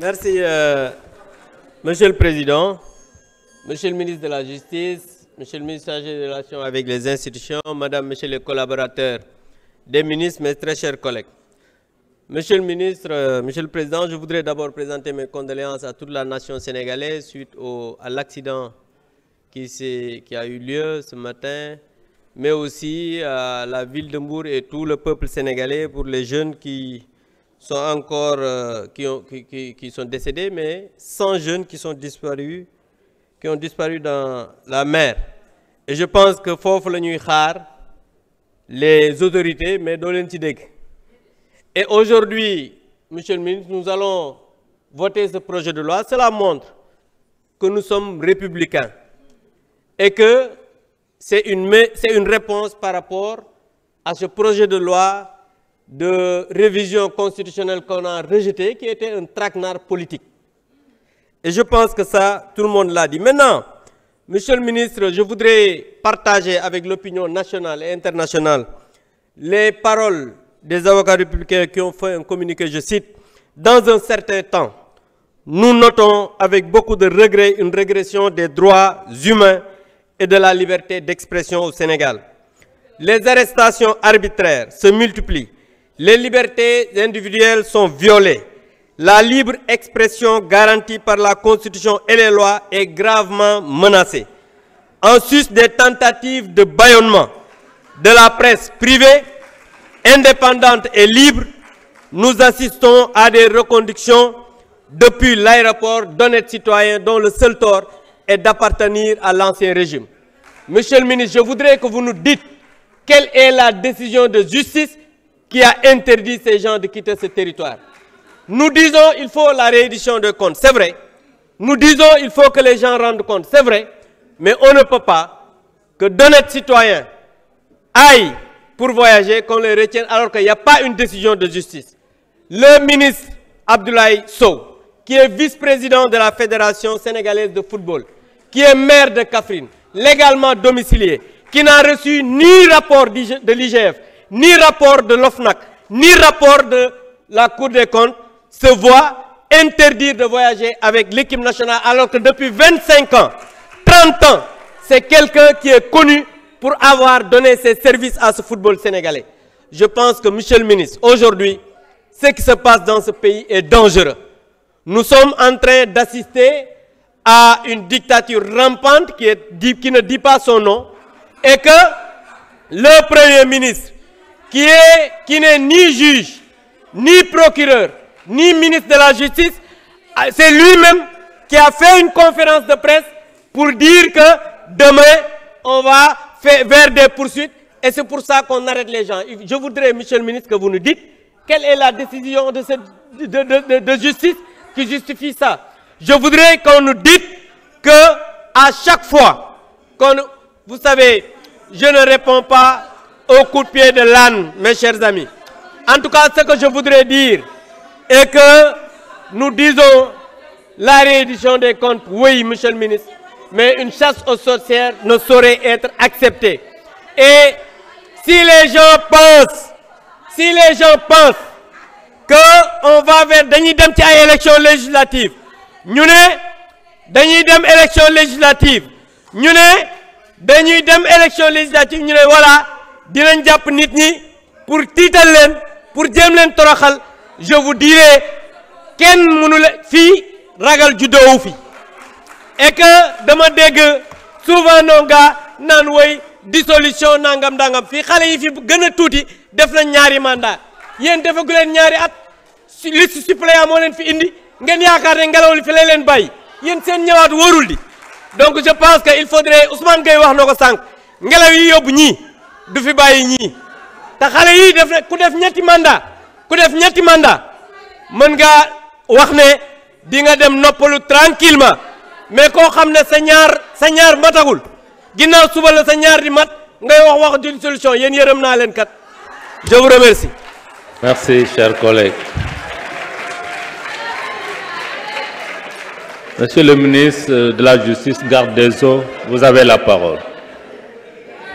Merci, euh, Monsieur le Président, Monsieur le ministre de la Justice, Monsieur le ministre chargé des relations avec les institutions, Madame, Monsieur les collaborateurs des ministres, mes très chers collègues. Monsieur le ministre, euh, Monsieur le Président, je voudrais d'abord présenter mes condoléances à toute la nation sénégalaise suite à l'accident qui, qui a eu lieu ce matin, mais aussi à la ville de Mbour et tout le peuple sénégalais pour les jeunes qui sont encore, euh, qui, qui, sont décédés, mais 100 jeunes qui sont disparus, qui ont disparu dans la mer. Et je pense que faut le nuit les autorités, mais dans Et aujourd'hui, Monsieur le ministre, nous allons voter ce projet de loi. Cela montre que nous sommes républicains et que c'est une, une réponse par rapport à ce projet de loi de révision constitutionnelle qu'on a rejeté, qui était un traquenard politique. Et je pense que ça, tout le monde l'a dit. Maintenant, Monsieur le ministre, je voudrais partager avec l'opinion nationale et internationale les paroles des avocats républicains qui ont fait un communiqué, je cite, « Dans un certain temps, nous notons avec beaucoup de regret une régression des droits humains et de la liberté d'expression au Sénégal. Les arrestations arbitraires se multiplient les libertés individuelles sont violées. La libre expression garantie par la Constitution et les lois est gravement menacée. En sus des tentatives de bâillonnement de la presse privée, indépendante et libre, nous assistons à des reconductions depuis l'aéroport d'honnêtes citoyens dont le seul tort est d'appartenir à l'ancien régime. Monsieur le ministre, je voudrais que vous nous dites quelle est la décision de justice qui a interdit ces gens de quitter ce territoire. Nous disons qu'il faut la réédition de comptes, c'est vrai. Nous disons qu'il faut que les gens rendent compte, c'est vrai. Mais on ne peut pas que d'honnêtes citoyens aillent pour voyager, qu'on les retienne alors qu'il n'y a pas une décision de justice. Le ministre Abdoulaye Sow, qui est vice-président de la Fédération sénégalaise de football, qui est maire de Kafrine, légalement domicilié, qui n'a reçu ni rapport de l'IGF, ni rapport de l'OFNAC, ni rapport de la Cour des comptes se voient interdire de voyager avec l'équipe nationale alors que depuis 25 ans, 30 ans, c'est quelqu'un qui est connu pour avoir donné ses services à ce football sénégalais. Je pense que, monsieur le ministre, aujourd'hui, ce qui se passe dans ce pays est dangereux. Nous sommes en train d'assister à une dictature rampante qui, qui ne dit pas son nom et que le Premier ministre qui est qui n'est ni juge, ni procureur, ni ministre de la Justice, ah, c'est lui-même qui a fait une conférence de presse pour dire que demain, on va faire vers des poursuites et c'est pour ça qu'on arrête les gens. Je voudrais, monsieur le ministre, que vous nous dites quelle est la décision de, cette, de, justice qui justifie ça. Je voudrais qu'on nous dise que à chaque fois, qu'on, vous savez, je ne réponds pas au coup de pied de l'âne, mes chers amis. En tout cas, ce que je voudrais dire est que nous disons la réédition des comptes, oui, monsieur le ministre, mais une chasse aux sorcières ne saurait être acceptée. Et si les gens pensent, si les gens pensent qu'on va vers des dem ci élections législatives élection législative nous ne élection législative voilà len japp nit ñi pour tital len pour jëm len toroxal je vous dirai kenn mënu la ragal judo fi et que dama dégg souvent nga nan way dissolution nangam dangam fi xalé yi fi gëna a def nyari ñaari mandat yeen defagu len ñaari at liste suppléant mo len fi indi ngeen yaakar ne ngelaw li fi lay len bay yeen seen ñëwaat worul di donc je pense que il faudrait Ousmane Gueye wax noko sank ngelaw yi yobbu ñi du fi baye ñi ta xalé yi def na ku def ñetti mandat ku def ñetti mandat mën nga wax ne di nga dem noppalu tranquillement mais ko xam sa ñaar sa ñaar matagul ginnaaw suba la sa ñaar di mat ngay wax wax d'une solution yéen yeureum na len kat je vous remercie. merci chers collègues. Monsieur le ministre de la Justice, garde des eaux, vous avez la parole.